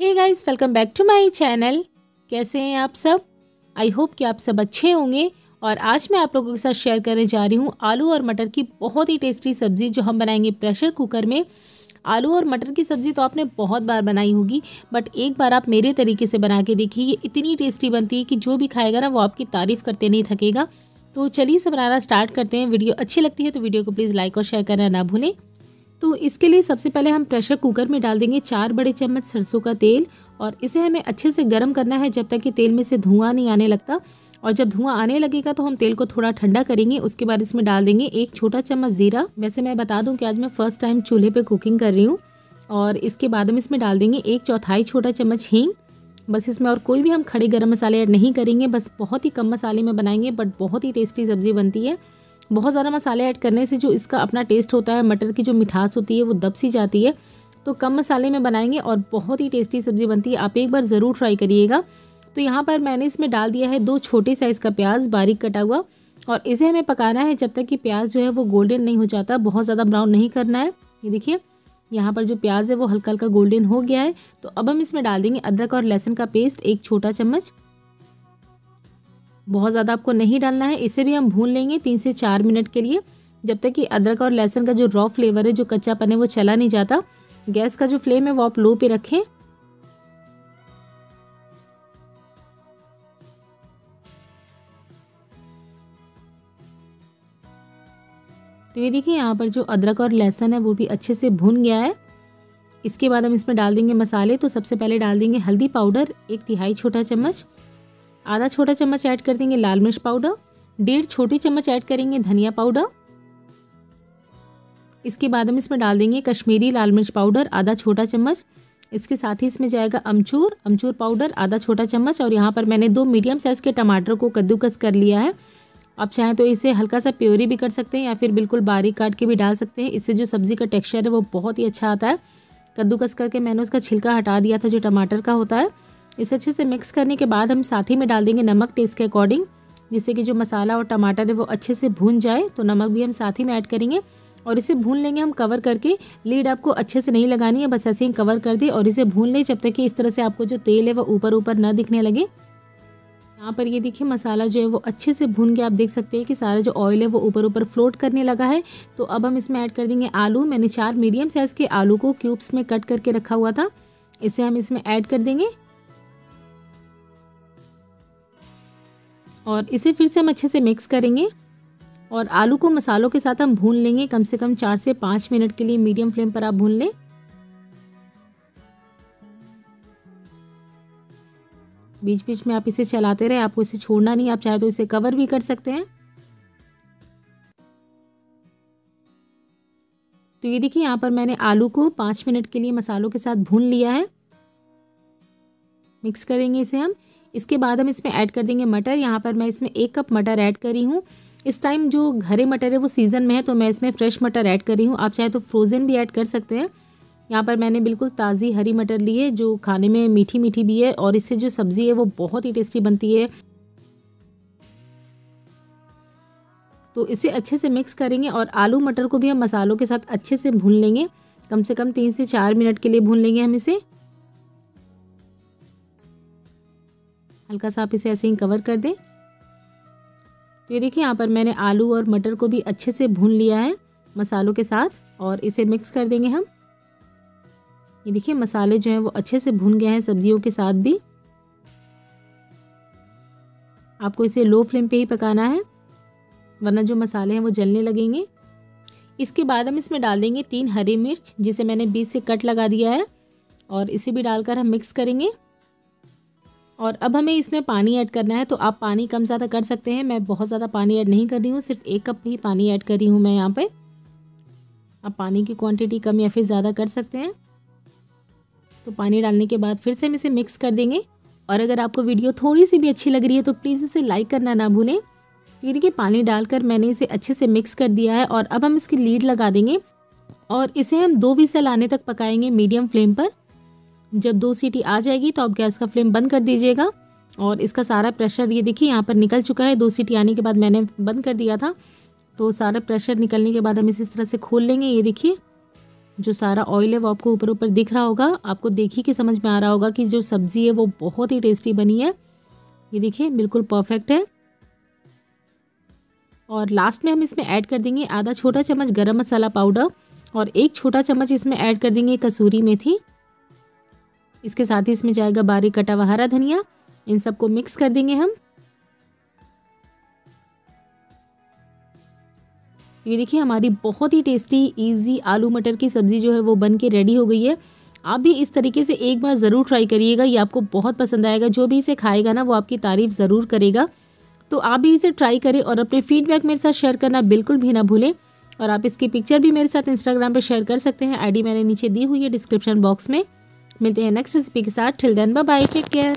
hey guys welcome back to my channel कैसे हैं आप सब आई होप कि आप सब अच्छे होंगे और आज मैं आप लोगों के साथ शेयर करने जा रही हूँ आलू और मटर की बहुत ही टेस्टी सब्ज़ी जो हम बनाएंगे प्रेशर कुकर में आलू और मटर की सब्ज़ी तो आपने बहुत बार बनाई होगी बट एक बार आप मेरे तरीके से बना के देखिए ये इतनी टेस्टी बनती है कि जो भी खाएगा ना वो आपकी तारीफ़ करते नहीं थकेगा तो चलिए इसे बनाना स्टार्ट करते हैं वीडियो अच्छी लगती है तो वीडियो को प्लीज़ लाइक और शेयर करना ना भूलें तो इसके लिए सबसे पहले हम प्रेशर कुकर में डाल देंगे चार बड़े चम्मच सरसों का तेल और इसे हमें अच्छे से गर्म करना है जब तक कि तेल में से धुआं नहीं आने लगता और जब धुआं आने लगेगा तो हम तेल को थोड़ा ठंडा करेंगे उसके बाद इसमें डाल देंगे एक छोटा चम्मच ज़ीरा वैसे मैं बता दूं कि आज मैं फ़र्स्ट टाइम चूल्हे पे कुकिंग कर रही हूँ और इसके बाद हम इसमें डाल देंगे एक चौथाई छोटा चम्मच हींग बस इसमें और कोई भी हम खड़े गर्म मसाले ऐड नहीं करेंगे बस बहुत ही कम मसाले में बनाएंगे बट बहुत ही टेस्टी सब्ज़ी बनती है बहुत ज़्यादा मसाले ऐड करने से जो इसका अपना टेस्ट होता है मटर की जो मिठास होती है वो दब सी जाती है तो कम मसाले में बनाएंगे और बहुत ही टेस्टी सब्ज़ी बनती है आप एक बार ज़रूर ट्राई करिएगा तो यहाँ पर मैंने इसमें डाल दिया है दो छोटे साइज़ का प्याज बारीक कटा हुआ और इसे हमें पकाना है जब तक कि प्याज जो है वो गोल्डन नहीं हो जाता बहुत ज़्यादा ब्राउन नहीं करना है ये देखिए यहाँ पर जो प्याज है वो हल्का हल्का गोल्डन हो गया है तो अब हम इसमें डाल देंगे अदरक और लहसुन का पेस्ट एक छोटा चम्मच बहुत ज़्यादा आपको नहीं डालना है इसे भी हम भून लेंगे तीन से चार मिनट के लिए जब तक कि अदरक और लहसुन का जो रॉ फ्लेवर है जो कच्चापन है वो चला नहीं जाता गैस का जो फ्लेम है वो आप लो पे रखें तो ये देखिए यहाँ पर जो अदरक और लहसुन है वो भी अच्छे से भून गया है इसके बाद हम इसमें डाल देंगे मसाले तो सबसे पहले डाल देंगे हल्दी पाउडर एक तिहाई छोटा चम्मच आधा छोटा चम्मच ऐड कर देंगे लाल मिर्च पाउडर डेढ़ छोटी चम्मच ऐड करेंगे धनिया पाउडर इसके बाद हम इसमें डाल देंगे कश्मीरी लाल मिर्च पाउडर आधा छोटा चम्मच इसके साथ ही इसमें जाएगा अमचूर अमचूर पाउडर आधा छोटा चम्मच और यहाँ पर मैंने दो मीडियम साइज़ के टमाटर को कद्दूकस कर लिया है आप चाहें तो इसे हल्का सा प्योरी भी कर सकते हैं या फिर बिल्कुल बारीक काट के भी डाल सकते हैं इससे जो सब्ज़ी का टेक्सचर है वो बहुत ही अच्छा आता है कद्दूकस करके मैंने उसका छिलका हटा दिया था जो टमाटर का होता है इसे अच्छे से मिक्स करने के बाद हम साथ ही में डाल देंगे नमक टेस्ट के अकॉर्डिंग जिससे कि जो मसाला और टमाटर है वो अच्छे से भून जाए तो नमक भी हम साथ ही में ऐड करेंगे और इसे भून लेंगे हम कवर करके लीड आपको अच्छे से नहीं लगानी है बस ऐसे ही कवर कर दें और इसे भून लें जब तक कि इस तरह से आपको जो तेल है वो ऊपर ऊपर ना दिखने लगे यहाँ पर ये देखिए मसाला जो है वो अच्छे से भून के आप देख सकते हैं कि सारा जो ऑयल है वो ऊपर ऊपर फ्लोट करने लगा है तो अब हम इसमें ऐड कर देंगे आलू मैंने चार मीडियम साइज़ के आलू को क्यूब्स में कट करके रखा हुआ था इसे हम इसमें ऐड कर देंगे और इसे फिर से हम अच्छे से मिक्स करेंगे और आलू को मसालों के साथ हम भून लेंगे कम से कम चार से पाँच मिनट के लिए मीडियम फ्लेम पर आप भून लें बीच बीच में आप इसे चलाते रहे आपको इसे छोड़ना नहीं आप चाहे तो इसे कवर भी कर सकते हैं तो ये देखिए यहाँ पर मैंने आलू को पाँच मिनट के लिए मसालों के साथ भून लिया है मिक्स करेंगे इसे हम इसके बाद हम इसमें ऐड कर देंगे मटर यहाँ पर मैं इसमें एक कप मटर ऐड करी हूँ इस टाइम जो घरे मटर है वो सीज़न में है तो मैं इसमें फ्रेश मटर ऐड कर रही हूँ आप चाहे तो फ्रोज़न भी ऐड कर सकते हैं यहाँ पर मैंने बिल्कुल ताज़ी हरी मटर ली है जो खाने में मीठी मीठी भी है और इससे जो सब्ज़ी है वो बहुत ही टेस्टी बनती है तो इसे अच्छे से मिक्स करेंगे और आलू मटर को भी हम मसालों के साथ अच्छे से भून लेंगे कम से कम तीन से चार मिनट के लिए भून लेंगे हम इसे हल्का सा आप इसे ऐसे ही कवर कर दें तो ये देखिए यहाँ पर मैंने आलू और मटर को भी अच्छे से भून लिया है मसालों के साथ और इसे मिक्स कर देंगे हम ये देखिए मसाले जो हैं वो अच्छे से भून गए हैं सब्जियों के साथ भी आपको इसे लो फ्लेम पे ही पकाना है वरना जो मसाले हैं वो जलने लगेंगे इसके बाद हम इसमें डाल देंगे तीन हरी मिर्च जिसे मैंने बीच से कट लगा दिया है और इसे भी डालकर हम मिक्स करेंगे और अब हमें इसमें पानी ऐड करना है तो आप पानी कम ज़्यादा कर सकते हैं मैं बहुत ज़्यादा पानी ऐड नहीं कर रही हूँ सिर्फ एक कप ही पानी ऐड कर रही हूँ मैं यहाँ पर आप पानी की क्वांटिटी कम या फिर ज़्यादा कर सकते हैं तो पानी डालने के बाद फिर से हम इसे मिक्स कर देंगे और अगर आपको वीडियो थोड़ी सी भी अच्छी लग रही है तो प्लीज़ इसे लाइक करना ना भूलें यानी देखिए पानी डालकर मैंने इसे अच्छे से मिक्स कर दिया है और अब हम इसकी लीड लगा देंगे और इसे हम दो विसल आने तक पकाएंगे मीडियम फ्लेम पर जब दो सीटी आ जाएगी तो आप गैस का फ्लेम बंद कर दीजिएगा और इसका सारा प्रेशर ये देखिए यहाँ पर निकल चुका है दो सीटी आने के बाद मैंने बंद कर दिया था तो सारा प्रेशर निकलने के बाद हम इसे इस तरह से खोल लेंगे ये देखिए जो सारा ऑयल है वो आपको ऊपर ऊपर दिख रहा होगा आपको देख ही के समझ में आ रहा होगा कि जो सब्ज़ी है वो बहुत ही टेस्टी बनी है ये देखिए बिल्कुल परफेक्ट है और लास्ट में हम इसमें ऐड कर देंगे आधा छोटा चम्मच गरम मसाला पाउडर और एक छोटा चम्मच इसमें ऐड कर देंगे कसूरी मेथी इसके साथ ही इसमें जाएगा बारीक कटा हुआ हरा धनिया इन सबको मिक्स कर देंगे हम ये देखिए हमारी बहुत ही टेस्टी इजी आलू मटर की सब्ज़ी जो है वो बन के रेडी हो गई है आप भी इस तरीके से एक बार ज़रूर ट्राई करिएगा ये आपको बहुत पसंद आएगा जो भी इसे खाएगा ना वो आपकी तारीफ़ ज़रूर करेगा तो आप भी इसे ट्राई करें और अपने फीडबैक मेरे साथ शेयर करना बिल्कुल भी ना भूलें और आप इसकी पिक्चर भी मेरे साथ इंस्टाग्राम पर शेयर कर सकते हैं आई मैंने नीचे दी हुई है डिस्क्रिप्शन बॉक्स में मिलते हैं नेक्स्ट रेसिपी के साथ till then bye take care